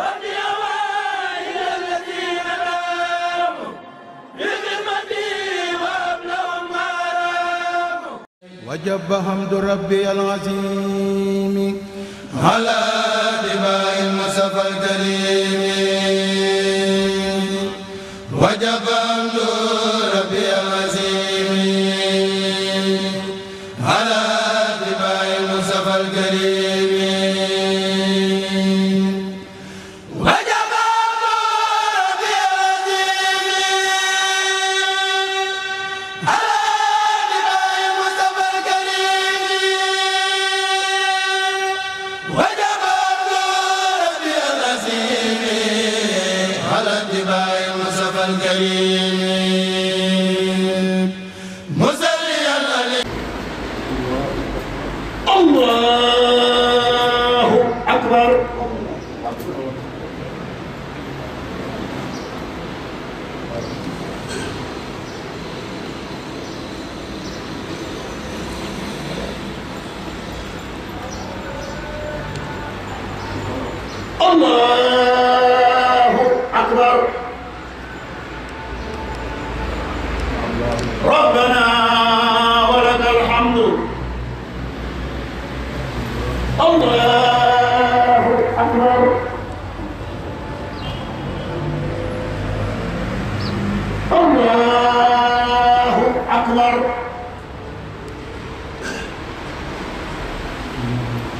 الذين وجب حمد ربي العظيم على دماء المصطفى الكريم وجب حمد ربي العظيم على دماء المصطفى الكريم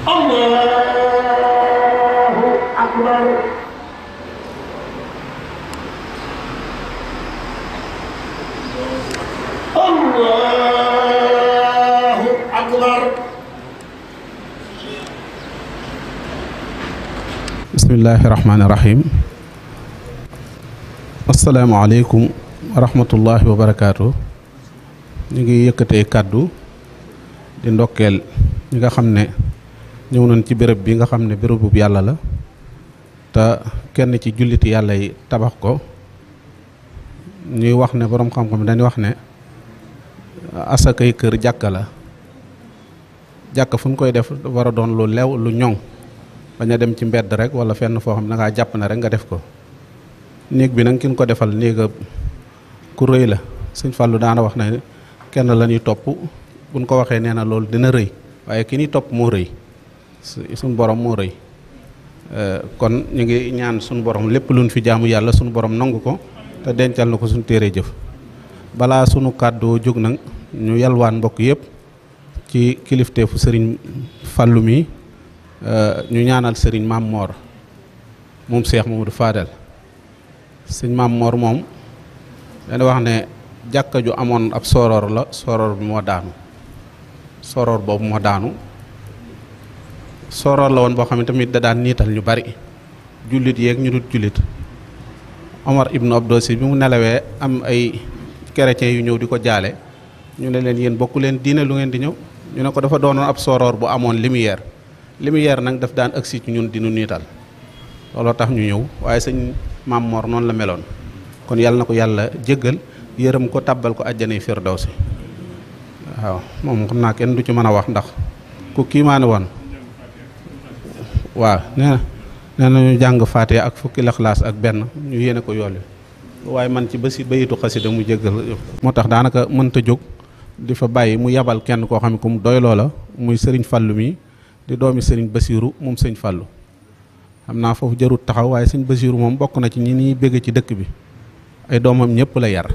الله أكبر الله أكبر بسم الله الرحمن الرحيم السلام عليكم ورحمة الله وبركاته ñu يكتئ كادو دين دوكيل ndokkeel ñi ñew nañ ci bërepp bi nga xam ne bu yàlla la te kenn ci julliti yàlla yi tabax ko ñuy wax ne borom xam-xam dañuy wax ne asakay kër jàkka la jàkka fu koy def war a doon lu lew lu ñoŋ bañ dem ci mbedd rek wala fenn foo xam ne ngaa jàpp na rek nga def ko néeg bi nag kin ko defal néega ku rëy la sëñ fàllu daana wax ne kenn la ñuy topp buñ ko waxee nee na dina rëy waaye ki ñuy topp moo suñ borom moo rëy eh, kon ñu ngi ñaan suñu borom lépp luñ fi jaamu yàlla suñu borom nangu ko te dencal na ko suñu téeree jëf balaa sunu kàddoo jóg nag ñu yalwaan mbokk yëpp ci kilifteefu sëriñ Fàllu mi eh, ñu ñaanal sëriñ Maam Moor moom Seex Mamadu Faadal sëñ Maam Moor moom dañu wax ne jàkka ju amoon ab soror la soror bi moo daanu soror boobu moo daanu Soror la won bo xam tamit da daan nital ñu bari julit yek ñu dut julit Omar ibnu Abdosi bi mu nelawé am ay chrétien yu ñew di ko ñu ne len yeen bokku len diine lu ngeen di ñew ñu ne ko dafa doonoon ab soror bu amoon lumière lumière nak daf daan agsi ci ñun di ñu nital lolo tax ñu ñew waye señ mam Mor non la meloon kon yal nako ko jéggel jéggal ko tabal ko àjjanay firdausi waaw mom ko na ken du ci mëna wax ndax ku won waaw nee na nee na ñu jàng faatiha ak fukki laxlaas ak benn ñu yéene ko yool wi waaye man ci ba si bayitu xasida mu jéggal moo tax daanaka mënta jóg di fa bàyyi mu yabal kenn koo xam ne ku mu doy loola muy sëriñ fallu mi di doomi sëriñ basiiru moom sëñ fallu xam naa foofu jarut taxaw waaye sëñ basiiru moom bokk na ci ñi ñuy bégg ci dëkk bi ay doomam ñëpp la yar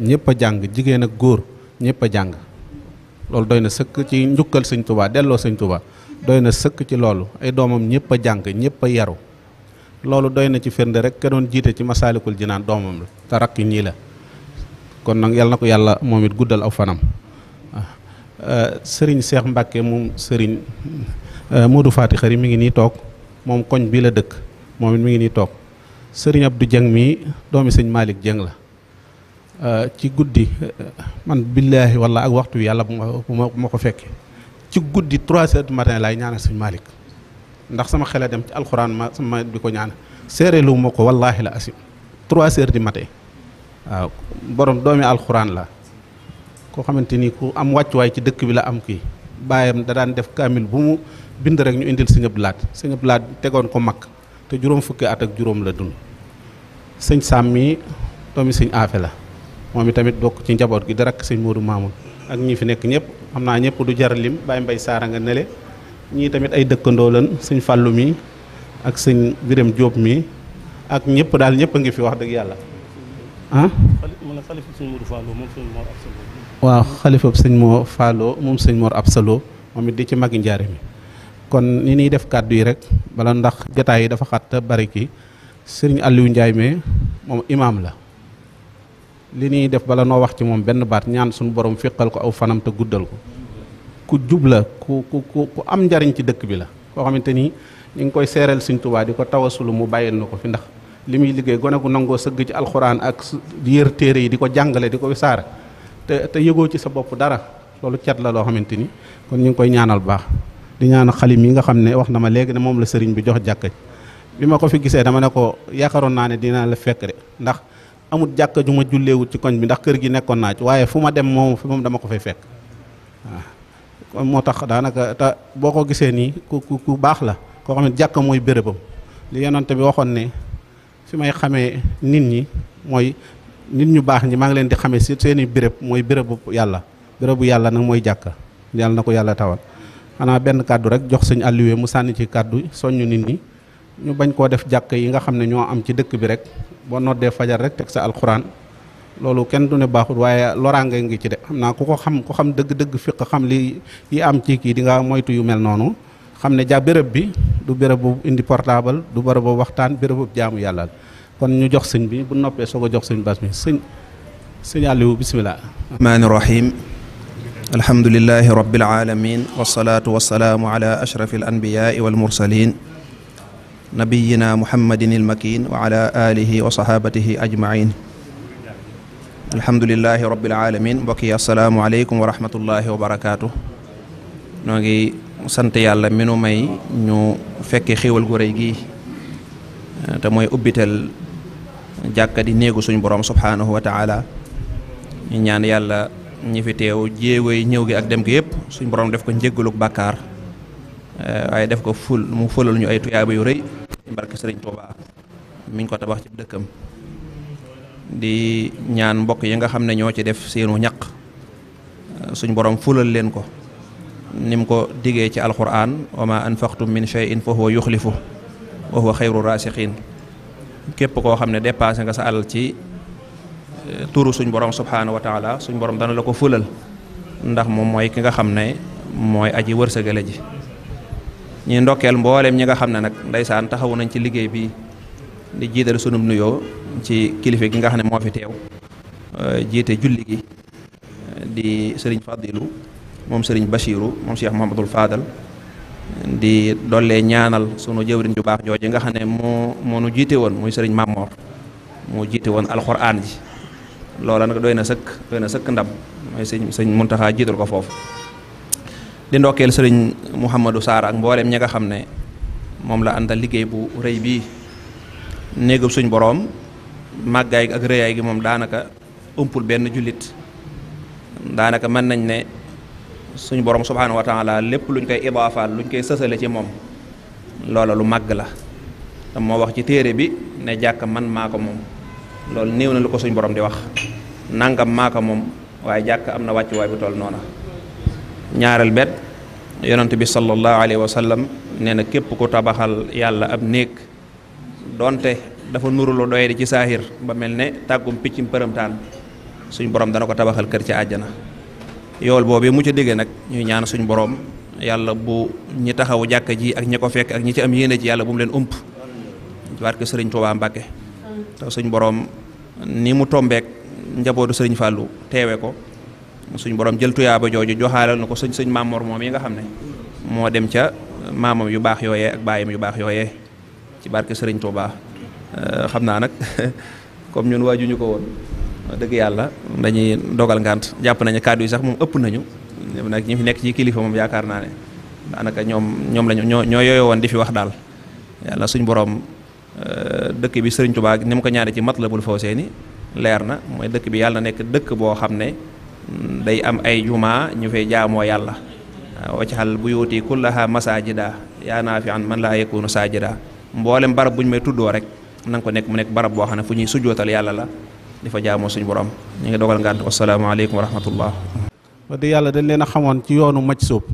ñëpp a jàng jigéen ak góor ñëpp a jàng loolu doy na sëkk ci njukkal sëñ tubaa delloo sëñ tubaa doy na sëkk ci loolu ay doomam ñëpp a jàng ñëpp a yaru loolu doy na ci firnde rek kenoon jiite ci masaalikul jinaan doomam la te rakk ñii la kon nag yal na ko yàlla moom it guddal aw fanam sëriñ Seex Mbàkke moom sëriñ euh, Modou Faty Khary mi ngi nii toog moom koñ bii la dëkk moom it mi ngi nii toog sëriñ du Dieng mii doomi sëñ Malick Dieng la euh, ci guddi euh, man billaahi walla ak waxtu yàlla bu ma bu ma ko fekkee ci guddi 3 heures du matin lay ñaanal sëñ malik ndax sama xel dem ci alquran ma sama di ko ñaan séerelu ma wallahi la asim 3 heures du matin waaw borom doomi alquran la ko xamanteni ku am way ci dekk bi la am ki bayam da daan def kamil bu mu bind rek ñu indil seigne blad seigne blad tegon ko mak te juróom fukki at ak la dun seigne sammi mi doomi sëñ aafe tamit bokk ci njabot gi dara ak seigne modou mamoud ak ñi fi nek ñep amna ñep du jar lim Baye mbay sara nga nele ñi tamit ay dëkkandoo lan sëñ fallu mi ak sëñ birem job mi ak ñep dal ñep nga fi wax deug yalla ah wa khalifa sëñ mo fallo mom sëñ mo Absalo momi di ci magi mi kon ni ni def kaddu yi rek bala ndax jotaay yi dafa xat bari ki Aliou Ndiaye me mom imam la li ni def bala no wax ci mom benn baat ñaan suñu borom fiqal ko aw fanam te guddal ko ku jubla ku ku ku am jariñ ci dekk bi la ko xamanteni ñi ngi koy tuba di tawassul mu bayel nako fi ndax limi liggey liggéey gone gu nangoo ci ak yeer téré yi di ko janggale, di ko besar. te te yego ci sa udara, dara lolu ciat la lo xamanteni kon ñi ngi koy ñaanal baax di ñaan xalim yi nga xam ne wax na ma léegi ne mom la sëriñ bi jox jàkka bima ko fi gisee dama ne ko yaakaaroon naa ne dinaa la fekk rek ndax amut jakk juma julle julleewut ci koñ bi ndax kër gi nekkon naa ci waaye fu ma dem moom fi moom dama ko fay fekk kon moo tax daanaka te boo ko gisee nii ku ku ku baax la koo xam ne jàkka mooy bérébam li yonante bi waxoon ne fi may xamee nit ñi mooy nit ñu baax ñi maa ngi leen di xamee seen i béréb mooy bérébu yàlla bérébu yàlla nag mooy jàkka yàlla na ko yàlla tawal xanaa benn kàddu rek jox sëñ alluwe mu sànni ci kàddu soññ nit ñi ñu bañ koo def jàkk yi nga xam ne ñoo am ci dëkk bi rek boo noddee fajar rek teg sa alxuraan loolu kenn du ne baaxul waaye loraange ngi ci de xam naa ku ko xam ku xam dëgg-dëgg fiq xam li yi am ci kii dinga nga moytu yu mel noonu xam ne ja béréb bi du béréb bu indi portable du béréb bu waxtaan béréb bu jaamu yàlla kon ñu jox sëñ bi bu noppee soog a jox sëñ bas mi sëñ sëñ Aliou bisimilah. rahmaani rahim alhamdulilahi rabbil alamin wasalaatu wasalaamu ala ashrafil anbiyaai wal mursalin نبينا محمد المكين وعلى آله وصحابته أجمعين الحمد لله رب العالمين وكي السلام عليكم ورحمة الله وبركاته نوغي سنت يالا منو ماي نيو فك خيول غوريغي تا موي اوبيتال جاكا دي نيغو سوني بروم سبحانه وتعالى ني نان يالا ني في تيو جيوي نيوغي اك ديمغي ييب سوني بروم ديفكو نجيغلوك بكار واي ديفكو فول مو فولول نيو اي تويابو يو ري ci barke Serigne Touba mi ngi ko tabax ci dëkkam di ñaan mbokk yi nga xam ne ñoo ci def seenu ñaq suñ borom fulal leen ko ni ko digee ci alquran wa ma anfaqtum min shay'in fa huwa yuxlifu wa huwa xayru képp koo xam ne dépassé nga sa al ci eh, turu suñ borom subhaanahu wa taala suñ borom dana la ko fulal ndax moom mooy ki nga xam ne mooy aji wërsëgale ji ñi ndokkeel mbooleem ñi nga xam ne nag ndeysaan taxawu nañ ci liggéey bi di jiital sunum nuyoo ci kilifa gi nga xam ne moo fi teew euh, jiite julli di sëriñ Fadilu moom sëriñ Bachiru moom Cheikh Mouhamadul di dollee ñaanal sunu jëwriñ ju baax jooju nga xam ne moo moo nu jiite woon muy sëriñ Mamor moo jiite woon alxuraan ji loola nag doy na sëkk doy na sëkk ndam mooy sëñ sëñ Muntaxa jiital ko foofu. di ndokkeel sëriñ Mouhamadou Sarr ak mbooleem ñi nga xam ne moom la àndal liggéey bu rëy bii néegub suñ boroom màggaay ak rëyaay gi moom daanaka ëmpul benn jullit daanaka mën nañ ne suñu borom subhaanahu wa taala lépp luñ koy idaafaal luñ koy sësale ci moom loola lu màgg la te moo wax ci téere bi ne jàkk man maa ko moom loolu néew na lu ko suñ borom di wax nangam maa moom waaye jàkk am na wàccuwaay bu toll noona ñaareel bet yonent bi sallallahu alayhi wa sallam nee na képp ku tabaxal yàlla ab néeg donte dafa nuru lu doy di ci saahir ba mel ne tàggum piccim përëmtaan suñ borom dana ko tabaxal kër ci àjjana yool boobu mu ca déggee nag ñuy ñaan suñ boroom yàlla bu ñi taxawu jàkka ji ak ñi ko fekk ak ñi ci am yéene ji yàlla bu mu leen ump barke sëriñ Tuubaa Mbàkke te suñ borom ni mu tombeek njabootu sëriñ Fàllu teewe ko suñ borom jël tuyaaba jooju joxaalal na ko sëñ sëñ Maam moom yi nga xam ne moo dem ca uh, maamam yu baax yooyee ak baayam yu baax yooyee ci barke Sëriñ Tuubaa uh, xam naa nag comme ñun waajuñu ko woon dëgg yàlla dañuy dogal ngant jàpp nañu kàddu yi sax moom ëpp nañu nag ñi fi nekk ci kilifa moom yaakaar naa ne daanaka ñoom ñoom lañu ñoo ñoo yooyo woon di fi wax daal yàlla suñ borom uh, dëkk bi Sëriñ Tuubaa ni mu ko ñaane ci la Matlabul Fawseyni leer na mooy dëkk bi yàlla nekk dëkk boo xam ne day am ay juma ñu fay jaamoo yàlla waccaxal bu yóoti kullaha masajida yaa naa fi an man laa yakunu saajida mboolem barab bu ñu may tuddoo rek na nga ko nekk mu nekk barab boo xam ne fu ñuy sujjootal yàlla la di fa jaamoo suñu borom ñu ngi dogal ngànt wasalaamaaleykum wa rahmatullah di yàlla dañ leen a xamoon ci yoonu maj sóob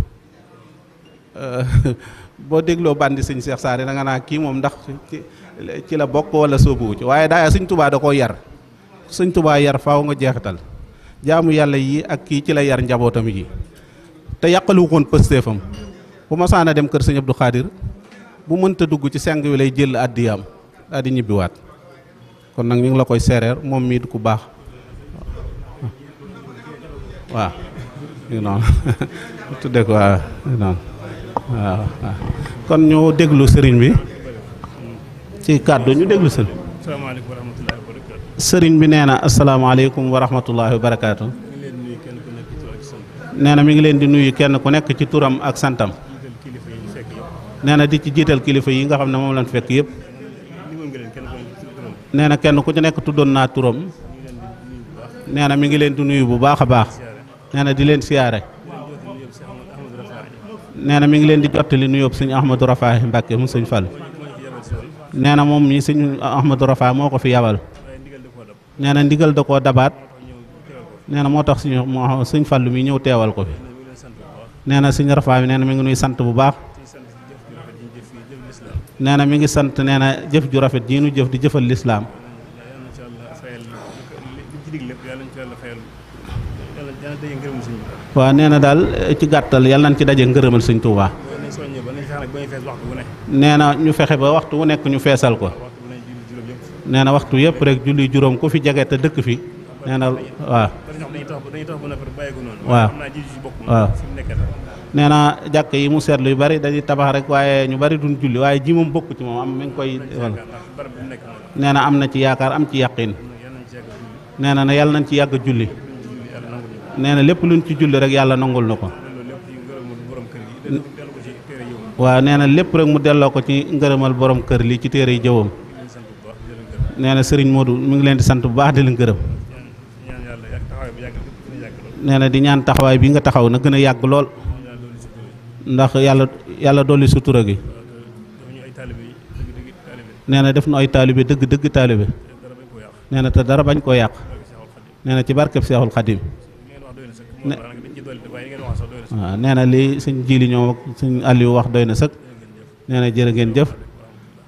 boo dégloo bandi sëñ Seex Saare da nga naa kii moom ndax ci la bokk wala sóobuwu ci waaye daaya suñ tubaa da koo yar sëñ yar faaw nga jeexital jaamu yalla yi ak ki ci la yar njabotam yi te yakalu won pestefam bu ma sana dem keur seigne Abdou Khadir bu mënta dugg ci seng wi lay jël addiyaam adi ñibi wat kon nak ñu ngi la koy serer mom mi du baax waaw ñu noonu tudde ko waaw kon ñu déglu sëriñ bi ci kàddu ñu déglu sëriñ salaamaaleykum wa rahmatulah sëriñ bi nee na asalaamaaleykum wa rahmatullahi wa barakaatu. nee na mi ngi leen di nuyu kenn ku nekk ci turam ak santam. nee na di ci jiital kilifa yi nga xam ne moom lañ fekk yëpp. nee na kenn ku ci nekk tuddoon naa turam. nee na mi ngi leen di nuyu bu baax a baax. nee na di leen siyaare. nee na mi ngi leen di jottali nuyoob sëñ Ahmadou Rafahi Mbacke mu sëñ Fall. nee na moom mii sëñ Ahmadou Rafahi moo ko fi yabal. nee na ndigal da koo dabaat nee na moo tax suñu moo sëñ fàllu mi ñëw teewal ko fi nee na suñu rafaa mi nee na mi ngi nuy sant bu baax nee na mi ngi sant nee na jëf ju rafet jii nu jëf di jëfal lislaam waaw nee na daal ci gàttal yàlla nañ ci daje ngërëmal sëñ Tuubaa nee na ñu fexe ba waxtu wu nekk ñu feesal ko nee na waxtu yep rek julli jurom ku fi jage te dekk fi nee na wa wa waaw jakk yi mu set yu bari dañi tabax rek waye ñu bari duñ julli waye ji mom bokku ci mom am mi ngi koy na am ci yaakar am ci yàqin nee na yalla nañ ci yag julli nee na luñ ci julli rek yalla nangul nako wa lepp rek mu delo ko ci ngeureumal borom keur li ci téere yi nee na sëriñ Modou mi ngi leen di sant bu baax di leen gërëm di ñaan taxawaay bi nga taxaw na gën a yàgg lool ndax yàlla yàlla dolli sutura gi nee na def nu ay taalibe dëgg dëgg taalibe nee na te dara bañ koo yàq nee ci barkeb Seexul Xadim waaw nee lii sëñ jiili ñoom ak sëñ Aliou wax doy na sëkk nee na ngeen jëf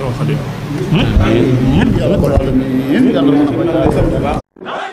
Seydou Xadim. Hmm? Hmm? Hmm?